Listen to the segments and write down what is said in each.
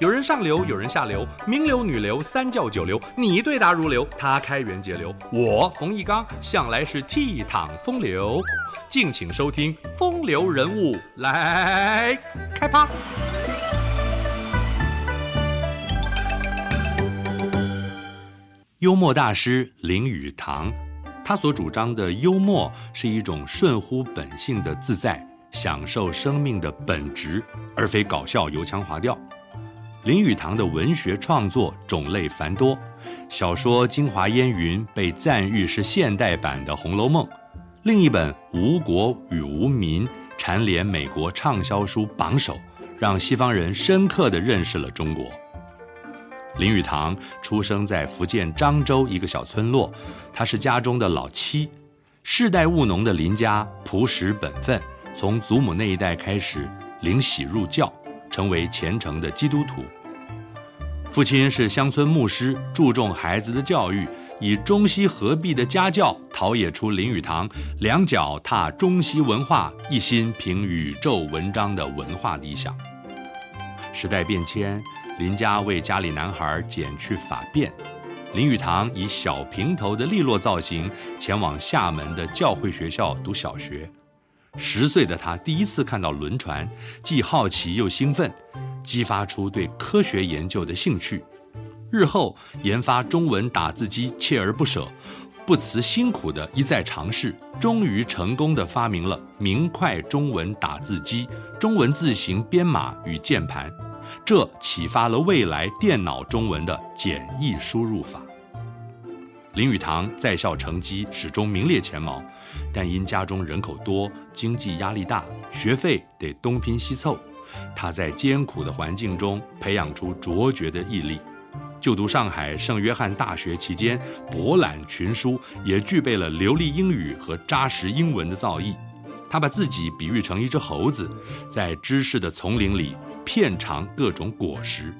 有人上流，有人下流，名流、女流、三教九流，你對答如流，他開源節流，我馮翊綱向來是倜儻風流。敬請收聽《風流人物》來，來開趴。幽默大師林語堂，他所主張的幽默是一種順乎本性的自在，享受生命的本質，而非搞笑油腔滑調。林語堂的文學創作種類繁多，小說《京華煙雲》被讚譽是現代版的《紅樓夢》，另一本《吾國與吾民》蟬聯美國暢銷書榜首，讓西方人深刻地認識了中國。林語堂出生在福建漳州一個小村落，他是家中的老七，世代務農的林家樸實本分，從祖母那一代開始領洗入教，成為虔誠的基督徒。父親是鄉村牧師，注重孩子的教育，以中西合璧的家教，陶冶出林語堂兩腳踏中西文化，一心評宇宙文章的文化理想。時代變遷，林家為家裡男孩剪去髮辮，林語堂以小平頭的利落造型，前往廈門的教會學校讀小學。十歲的他第一次看到輪船，既好奇又興奮。激發出對科學研究的興趣，日後研發中文打字機鍥而不舍、不辭辛苦的一再嘗試，終於成功地發明了明快中文打字機，中文字形編碼與鍵盤，這啟發了未來電腦中文的簡易輸入法。林語堂在校成績始終名列前茅，但因家中人口多，經濟壓力大，學費得東拼西湊。他在艱苦的環境中培養出卓絕的毅力。就讀上海聖約翰大學期間，博覽群書，也具備了流利英語和紮實英文的造詣。他把自己比喻成一隻猴子，在知識的叢林裡遍嘗各種果實。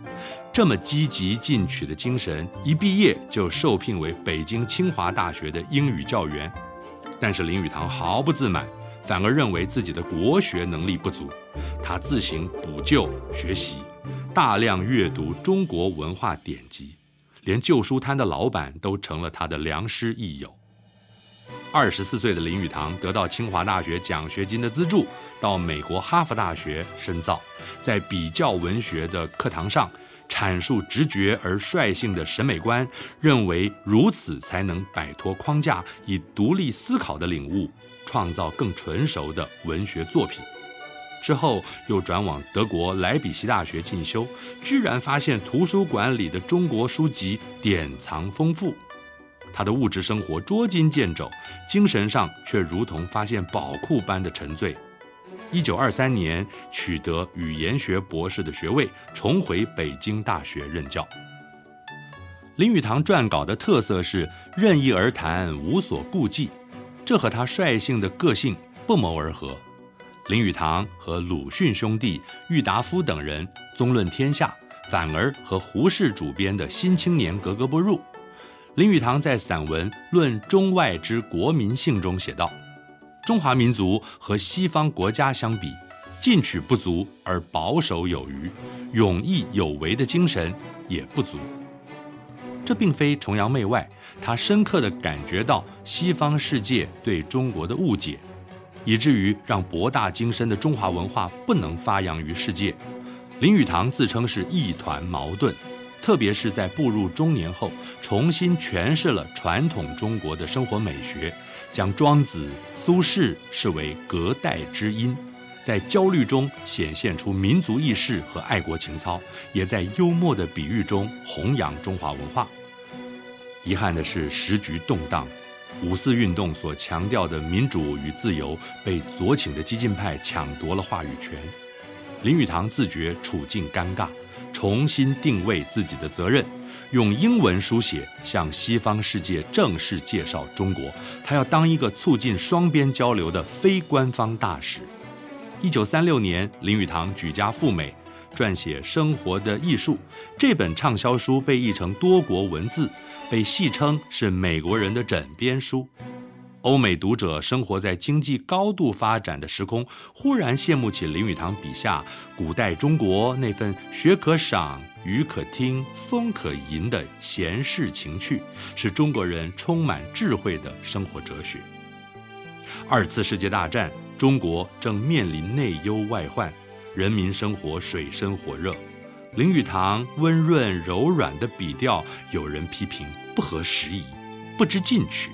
這麼積極進取的精神，一畢業就受聘為北京清華大學的英語教員。但是林語堂毫不自滿。反而認為自己的國學能力不足，他自行補救學習，大量閱讀中國文化典籍，連舊書攤的老闆都成了他的良師益友。二十四歲的林語堂得到清華大學獎學金的資助，到美國哈佛大學深造，在比較文學的課堂上。闡述直覺而率性的審美觀，認為如此才能擺脫框架，以獨立思考的領悟，創造更純熟的文學作品。之後又轉往德國萊比錫大學進修，居然發現圖書館裡的中國書籍典藏豐富。他的物質生活捉襟見肘，精神上卻如同發現寶庫般的沉醉。一九二三年取得語言學博士的學位，重回北京大學任教。林語堂撰稿的特色是任意而談，無所顧忌，這和他率性的個性不謀而合。林語堂和魯迅兄弟、郁達夫等人縱論天下，反而和胡適主編的《新青年》格格不入。林語堂在散文《論中外之國民性》中寫道。中華民族和西方國家相比，進取不足而保守有餘，勇毅有為的精神也不足。這並非崇洋媚外，他深刻地感覺到西方世界對中國的誤解，以至於讓博大精深的中華文化不能發揚於世界。林語堂自稱是一團矛盾，特別是在步入中年後，重新詮釋了傳統中國的生活美學。將莊子、蘇軾視為隔代知音，在焦慮中顯現出民族意識和愛國情操，也在幽默的比喻中弘揚中華文化。遺憾的是，時局動盪，五四運動所強調的民主與自由被左傾的激進派搶奪了話語權。林語堂自覺處境尷尬，重新定位自己的責任。用英文書寫，向西方世界正式介紹中國。他要當一個促進雙邊交流的非官方大使。一九三六年，林語堂舉家赴美，撰寫《生活的藝術》，這本暢銷書被譯成多國文字，被戲稱是美國人的枕邊書。歐美讀者生活在經濟高度發展的時空，忽然羨慕起林語堂筆下古代中國那份學可賞雨可聽，風可吟的閒適情趣，是中國人充滿智慧的生活哲學。二次世界大戰，中國正面臨內憂外患，人民生活水深火熱。林語堂溫潤柔軟的筆調，有人批評不合時宜，不知進取。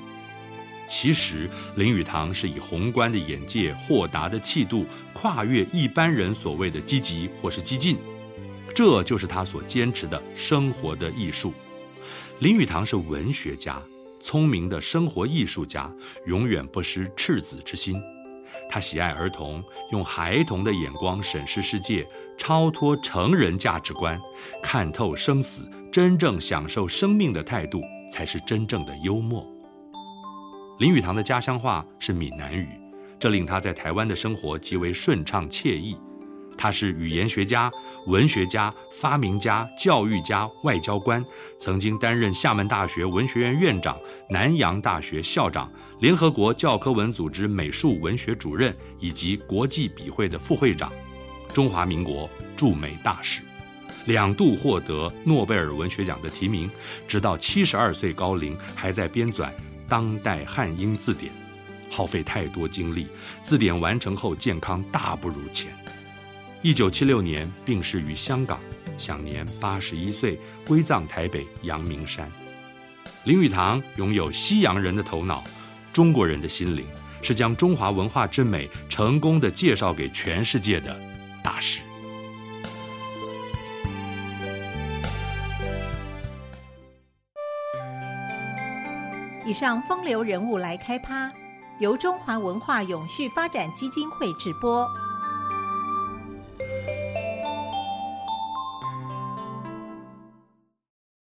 其實，林語堂是以宏觀的眼界、豁達的氣度，跨越一般人所謂的積極或是激進。這就是他所堅持的生活的藝術。林語堂是文學家，聰明的生活藝術家，永遠不失赤子之心。他喜愛兒童，用孩童的眼光審視世界，超脫成人價值觀，看透生死，真正享受生命的態度才是真正的幽默。林語堂的家鄉話是閩南語，這令他在台灣的生活極為順暢愜意。他是語言學家、文學家、發明家、教育家、外交官，曾經擔任廈門大學文學院院長、南洋大學校長、聯合國教科文組織美術文學主任以及國際筆會的副會長，中華民國駐美大使，兩度獲得諾貝爾文學獎的提名，直到七十二歲高齡還在編纂當代漢英字典，耗費太多精力，字典完成後健康大不如前。一九七六年病逝於香港，享年八十一歲，歸葬台北陽明山。林語堂擁有西洋人的頭腦，中國人的心靈，是將中華文化之美成功地介紹給全世界的大師。以上風流人物來開趴，由中華文化永續發展基金會直播。